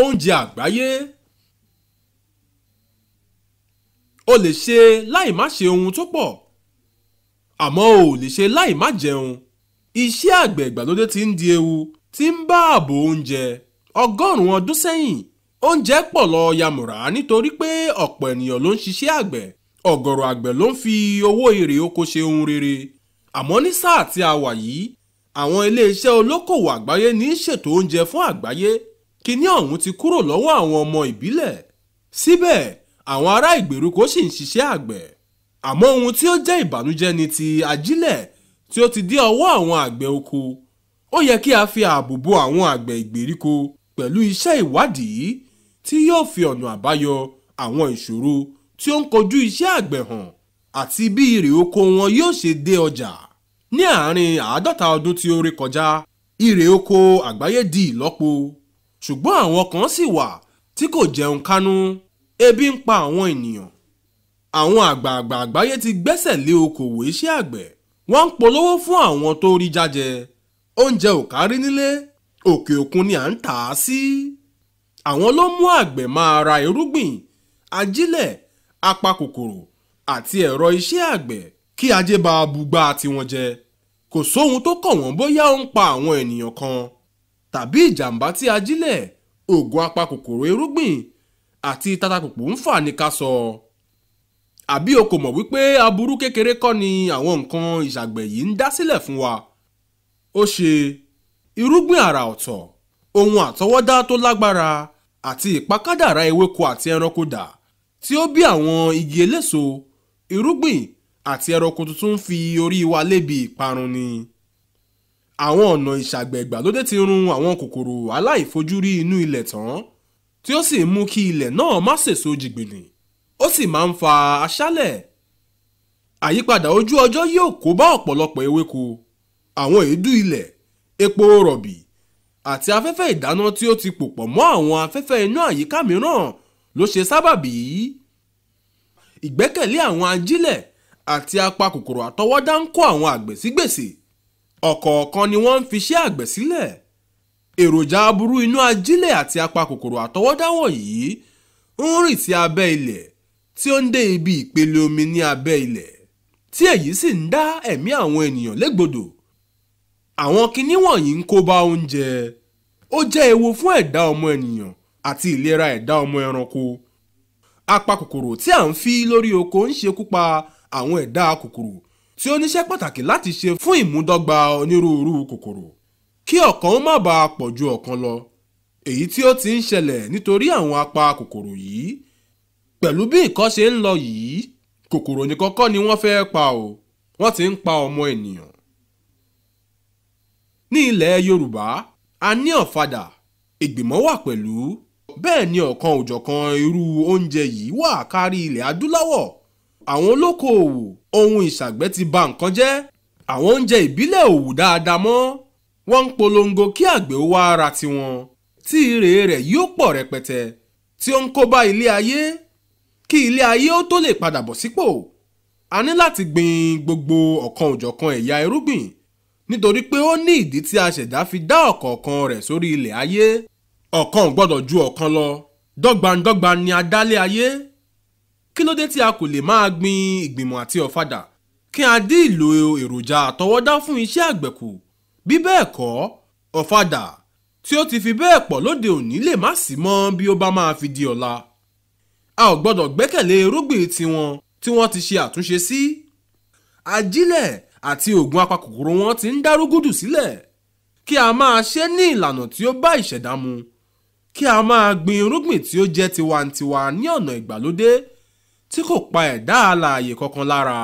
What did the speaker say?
oúnjẹ àgbáyé o lè ṣe láì má ṣe ohun tó pọ̀ àmọ́ o lè ṣe láì má jẹun iṣẹ́ àgbẹ̀ ìgbàlódé ti ń di ewu tí ń bá ààbò oúnjẹ ọgọ́rùn-ún ọdún sẹ́yìn oúnjẹ pọ̀ lọ yamùrá nítorí pé ọ̀pọ̀ ènìyàn ló ń ṣiṣẹ́ àgbẹ̀ ọ̀gọ̀rọ̀ àgbẹ̀ ló ń fi owó èrè oko ṣe ohun rere àmọ́ ní sáà tí a wà yìí àwọn iléeṣẹ́ olókòwò àgbáyé ní í ṣètò oúnjẹ fún àgbáyé kíní ọ̀hún ti kúrò lọ́wọ́ àwọn ọmọ ìbílẹ̀ síbẹ̀ àwọn ará ìgbèríko ṣì ń ṣiṣẹ́ àgbẹ̀ àmọ́ ohun tí ó jẹ́ ìbànújẹ́ ni ti ajílẹ̀ tí ó ti dé ọwọ́ àwọn àgbẹ̀ oko ó yẹ kí a fi ààbò bo àwọn àgbẹ̀ ìgbèríko pẹ̀lú iṣẹ́ ìwádìí tí yóò fi ọ̀nà àbáyọ àwọn ìṣòro tí ó ń kojú iṣẹ́ àgbẹ̀ hàn àti bí irè oko wọn yóò ṣe dé ọjà ní àárín àádọ́ta ọdún tí ó rékọjá irè oko àgbáyé di ìlọ́po ṣùgbọ́n àwọn kan sì wà tí kò jẹun kánú ebi ń pa àwọn ènìyàn àwọn àgbààgbà àgbáyé ti gbẹ́sẹ̀ lé okòwò iṣẹ́ àgbẹ̀ wọ́n ń polówó fún àwọn tó rí jájẹ oúnjẹ ò kárí nílé òkè òkun ni à ń tà á sí àwọn ló mú àgbẹ̀ máa ra irúgbìn ajílẹ̀ apakòkòrò àti ẹ̀rọ iṣẹ́ àgbẹ̀ kí ajé bá a bùgbà tiwọn jẹ kò sóhun tó kàn wọ́n bóyá ó ń pa àwọn ènìyàn kan tàbí ìjàmbá tí ajílẹ̀ oògùn apakòkòrò irúgbìn àti tatakùpù ń fà ní ká sọ àbí o kò mọ̀ wípé aburú kékeré kọ́ ni àwọn nǹkan ìṣàgbẹ̀ yìí ń dá sílẹ̀ fún wa ó ṣe irúgbìn àrà ọ̀tọ̀ ohun àtọwọ́dá tó lágbára àti ìpakádàrá ewéko àti ẹranko dà tí ó bí àwọn igi eléso irúgbìn àti ẹranko tuntun ń fi orí wa lébi ìparun ni àwọn ọ̀nà ìṣàgbẹ̀ ìgbàlódé ti run àwọn kòkòrò aláìfojúrí inú ilẹ̀ tán tí ó sì mú kí ilẹ̀ náà má sèso jìgbìnì ó sì máa ń fa aṣálẹ̀ àyípadà ojú ọjọ́ yóò kó bá ọ̀pọ̀lọpọ̀ ewéko àwọn èédú ilẹ̀ epo rọ̀bì àti afẹ́fẹ́ ìdáná tí ó ti pò pọ̀ mọ́ àwọn afẹ́fẹ́ inú àyíká mìíràn ló ṣe sábàbí ìgbẹ́kẹ̀lé àwọn ajílẹ̀ àti apakòkòrò àtọwọ́dá ń kó àwọn àgbẹ̀ sí gbèsè si ọ̀kọ̀ọ̀kan ni wọ́n ń fi iṣẹ́ àgbẹ̀ sílẹ̀ èròjà aburú inú ajílẹ̀ àti apakòkòrò àtọwọ́dá wọ̀nyí ń rìn sí abẹ́ ilẹ̀ tí ó ń dé ibi ìpele omi ní abẹ́ ilẹ̀ tí èyí sì ń dá ẹ̀mí àwọn ènìyàn légbodò àwọn kinní wọ̀nyí ń kó bá oúnjẹ ó jẹ́ ewu fún ẹ̀dá ọmọ ènìyàn àti ìlera ẹ̀dá ọmọ ẹranko apakòkòrò tí à ń fi lórí oko ń ṣekú pa àwọn ẹ̀dá kòkòrò tí ó níṣẹ́ pàtàkì láti ṣe fún ìmúdọ́gba onírúurú kòkòrò kí ọ̀kan ó má bàa pọ̀ ju ọ̀kan lọ èyí tí ó ti ń ṣẹlẹ̀ nítorí àwọn apa kòkòrò yìí pẹ̀lú bí nǹkan ṣe ń lọ yìí kòkòrò nìkan kọ́ ni wọ́n fẹ́ pa o wọ́n ti ń pa ọmọ ènìyàn. ní ilẹ̀ Yorùbá a ní ọ̀fadà ìgbìmọ̀ wà pẹ̀lú bẹ́ẹ̀ ni ọ̀kan òjọ̀kan irú oúnjẹ yìí wà kárí ilẹ̀ adúláwọ̀ àwọn olókoòwò ohun ìṣàgbẹ̀ ti ba nǹkan jẹ́ àwọn oúnjẹ ìbílẹ̀ òwú dáadáa mọ́ wọ́n ń polongo kí àgbẹ̀ ó wá ara tiwọn tí ire rẹ̀ yóò pọ̀ rẹpẹtẹ tí ó ń kó bá ilé ayé kí ilé ayé ó tó lè padà bọ̀ sípò a ní láti gbin gbogbo ọ̀kan òjọ̀kan ẹ̀yà irúgbìn nítorí pé ó ní ìdí tí a ṣẹ̀dá fi dá ọ̀kọ̀ọ̀kan rẹ̀ sórí ilẹ̀ ayé ọ̀kan ò gbọ́dọ̀ ju ọ̀kan lọ dọ́gbandọ́gba ni a dálé ayé kí ló dé tí a kò lè máa gbin ìgbìmọ̀ àti ọ̀fadà kí a dín ìlò èròjà àtọwọ́dá fún iṣẹ́ àgbẹ̀ kù bí bẹ́ẹ̀ kọ́ ọ̀fadà tí ó ti fi bẹ́ẹ̀ pọ̀ lóde òní lè má sí mọ́ bí ó bá máa fi di ọ̀la a ò gbọ́dọ̀ gbẹ́kẹ̀lé irúgbìn tiwọn tí wọ́n ti ṣe àtúnṣe sí ajílẹ̀ àti oògùn apakòkòrò wọn ti ń dárúgúdù sílẹ̀ kí a máa ṣe ní ìlànà tí ó bá ìṣẹ̀dá mu kí a máa gbin irúgbìn tí ó jẹ́ tiwantiwa ní ọ̀nà ìgbàlódé tí kò pa ẹ̀dá alààyè kankan lára.